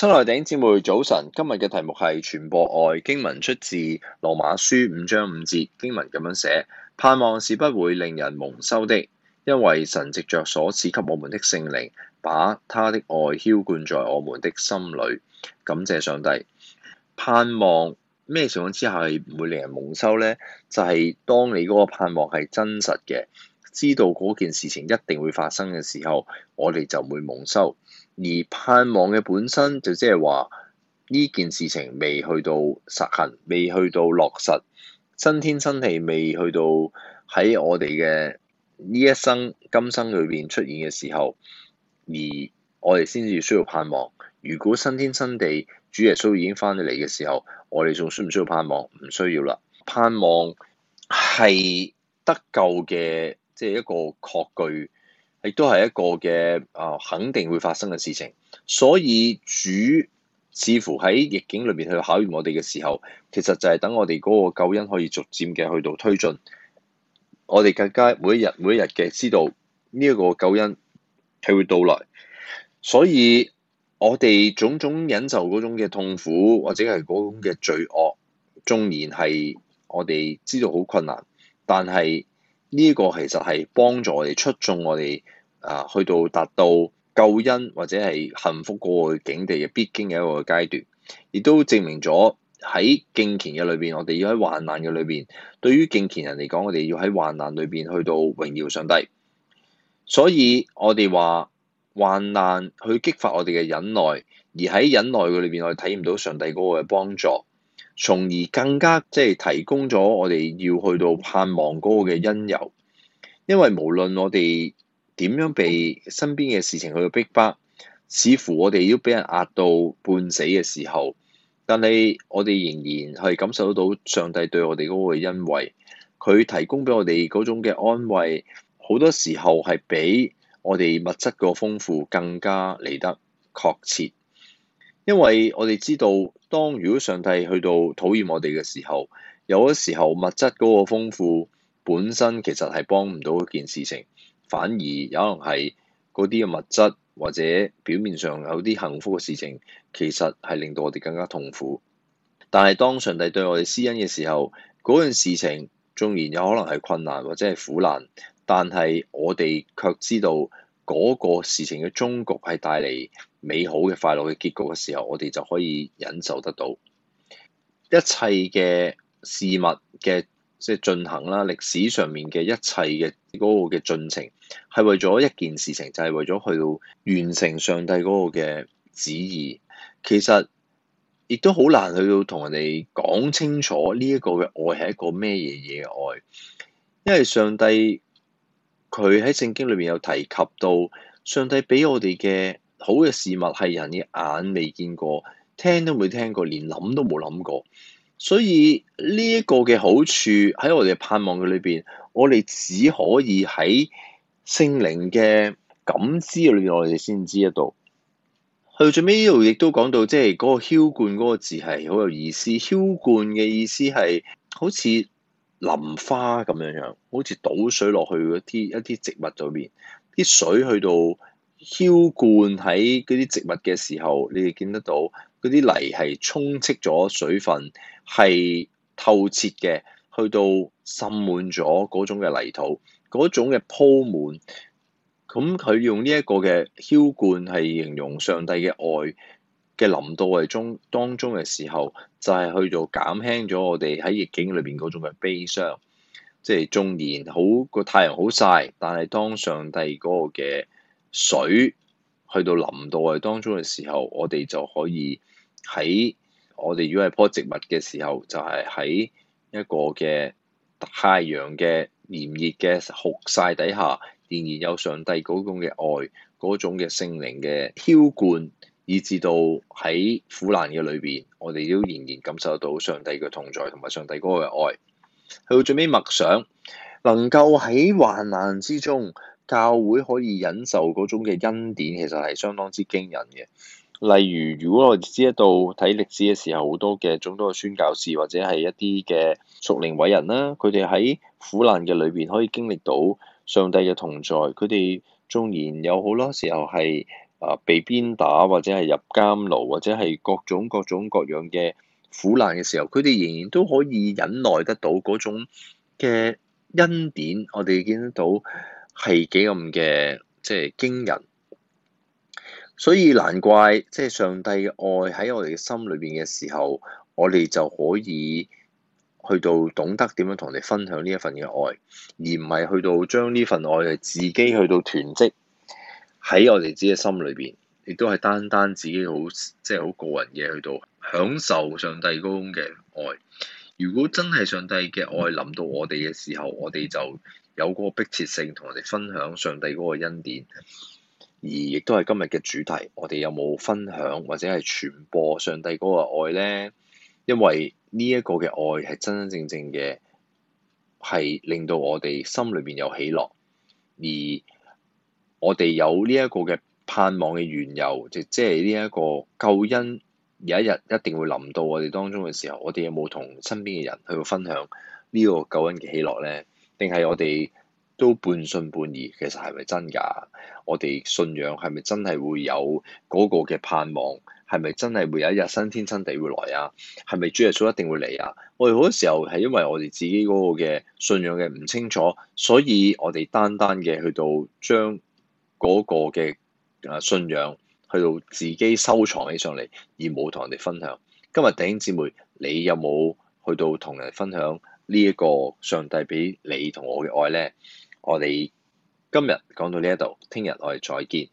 新來頂姊妹早晨，今日嘅題目係傳播愛，經文出自羅馬書五章五節，經文咁樣寫：盼望是不會令人蒙羞的，因為神藉着所賜給我們的聖靈，把他的愛澆灌在我們的心裡。感謝上帝。盼望咩情況之下唔會令人蒙羞呢？就係、是、當你嗰個盼望係真實嘅，知道嗰件事情一定會發生嘅時候，我哋就會蒙羞。而盼望嘅本身就即係話呢件事情未去到實行，未去到落實，新天新地未去到喺我哋嘅呢一生今生裏邊出現嘅時候，而我哋先至需要盼望。如果新天新地主耶穌已經翻咗嚟嘅時候，我哋仲需唔需要盼望？唔需要啦。盼望係得救嘅，即係一個確據。亦都係一個嘅啊，肯定會發生嘅事情。所以主視乎喺逆境裏面去考驗我哋嘅時候，其實就係等我哋嗰個救恩可以逐漸嘅去到推進。我哋更加每一日每一日嘅知道呢一個救恩係會到來，所以我哋種種忍受嗰種嘅痛苦或者係嗰種嘅罪惡，縱然係我哋知道好困難，但係呢個其實係幫助我哋出眾我哋。啊，去到達到救恩或者係幸福嗰境地嘅必經嘅一個階段，亦都證明咗喺敬虔嘅裏邊，我哋要喺患難嘅裏邊。對於敬虔人嚟講，我哋要喺患難裏邊去到榮耀上帝。所以我哋話患難去激發我哋嘅忍耐，而喺忍耐嘅裏邊，我哋體驗到上帝嗰個嘅幫助，從而更加即係提供咗我哋要去到盼望嗰個嘅因由。因為無論我哋點樣被身邊嘅事情去到逼迫？似乎我哋都俾人壓到半死嘅時候，但係我哋仍然係感受到上帝對我哋嗰個恩惠。佢提供俾我哋嗰種嘅安慰，好多時候係比我哋物質個豐富更加嚟得確切。因為我哋知道，當如果上帝去到討厭我哋嘅時候，有嗰時候物質嗰個豐富本身其實係幫唔到嗰件事情。反而有可能係嗰啲嘅物質或者表面上有啲幸福嘅事情，其實，係令到我哋更加痛苦。但係當上帝對我哋施恩嘅時候，嗰件事情縱然有可能係困難或者係苦難，但係我哋卻知道嗰個事情嘅終局係帶嚟美好嘅快樂嘅結局嘅時候，我哋就可以忍受得到一切嘅事物嘅。即係進行啦，歷史上面嘅一切嘅嗰個嘅進程，係為咗一件事情，就係為咗去到完成上帝嗰個嘅旨意。其實亦都好難去到同人哋講清楚呢一個嘅愛係一個咩嘢嘢嘅愛，因為上帝佢喺聖經裏面有提及到，上帝俾我哋嘅好嘅事物係人嘅眼未見過，聽都未聽過，連諗都冇諗過。所以呢一個嘅好處喺我哋盼望嘅裏邊，我哋只可以喺聖靈嘅感知嘅裏邊，我哋先知得到。去最尾呢度亦都講到，即係嗰個澆灌嗰個字係好有意思。澆灌嘅意思係好似淋花咁樣樣，好似倒水落去啲一啲植物裏邊，啲水去到澆灌喺嗰啲植物嘅時候，你哋見得到。嗰啲泥係充斥咗水分，係透徹嘅，去到滲滿咗嗰種嘅泥土，嗰種嘅鋪滿。咁佢用呢一個嘅澆灌係形容上帝嘅愛嘅臨到嚟中當中嘅時候，就係、是、去到減輕咗我哋喺逆境裏邊嗰種嘅悲傷。即係縱然好個太陽好曬，但係當上帝嗰個嘅水。去到臨到嘅當中嘅時候，我哋就可以喺我哋如果係棵植物嘅時候，就係、是、喺一個嘅太陽嘅炎熱嘅酷曬底下，仍然有上帝嗰種嘅愛，嗰種嘅聖靈嘅澆灌，以至到喺苦難嘅裏邊，我哋都仍然感受到上帝嘅同在，同埋上帝嗰個嘅愛。去到最尾默想，能夠喺患難之中。教會可以忍受嗰種嘅恩典，其實係相當之驚人嘅。例如，如果我知道睇歷史嘅時候，好多嘅，眾多嘅宣教士或者係一啲嘅屬靈偉人啦，佢哋喺苦難嘅裏邊可以經歷到上帝嘅同在。佢哋縱然有好多時候係啊被鞭打，或者係入監牢，或者係各種各種各樣嘅苦難嘅時候，佢哋仍然都可以忍耐得到嗰種嘅恩典。我哋見得到。係幾咁嘅，即係驚人，所以難怪即係、就是、上帝嘅愛喺我哋嘅心裏邊嘅時候，我哋就可以去到懂得點樣同你分享呢一份嘅愛，而唔係去到將呢份愛係自己去到囤積喺我哋自己嘅心裏邊，亦都係單單自己好即係好個人嘢，去到享受上帝嗰種嘅愛。如果真係上帝嘅愛臨到我哋嘅時候，我哋就有嗰個迫切性，同我哋分享上帝嗰個恩典，而亦都係今日嘅主題。我哋有冇分享或者係傳播上帝嗰個愛呢？因為呢一個嘅愛係真真正正嘅，係令到我哋心裏邊有喜樂。而我哋有呢一個嘅盼望嘅緣由，就即係呢一個救恩，有一日一定會臨到我哋當中嘅時候，我哋有冇同身邊嘅人去分享呢個救恩嘅喜樂呢？定係我哋都半信半疑，其實係咪真㗎？我哋信仰係咪真係會有嗰個嘅盼望？係咪真係會有一日新天新地會來啊？係咪主耶穌一定會嚟啊？我哋好多時候係因為我哋自己嗰個嘅信仰嘅唔清楚，所以我哋單單嘅去到將嗰個嘅信仰去到自己收藏起上嚟，而冇同人哋分享。今日弟兄姊妹，你有冇去到同人分享？呢一個上帝畀你同我嘅愛咧，我哋今日講到呢一度，聽日我哋再見。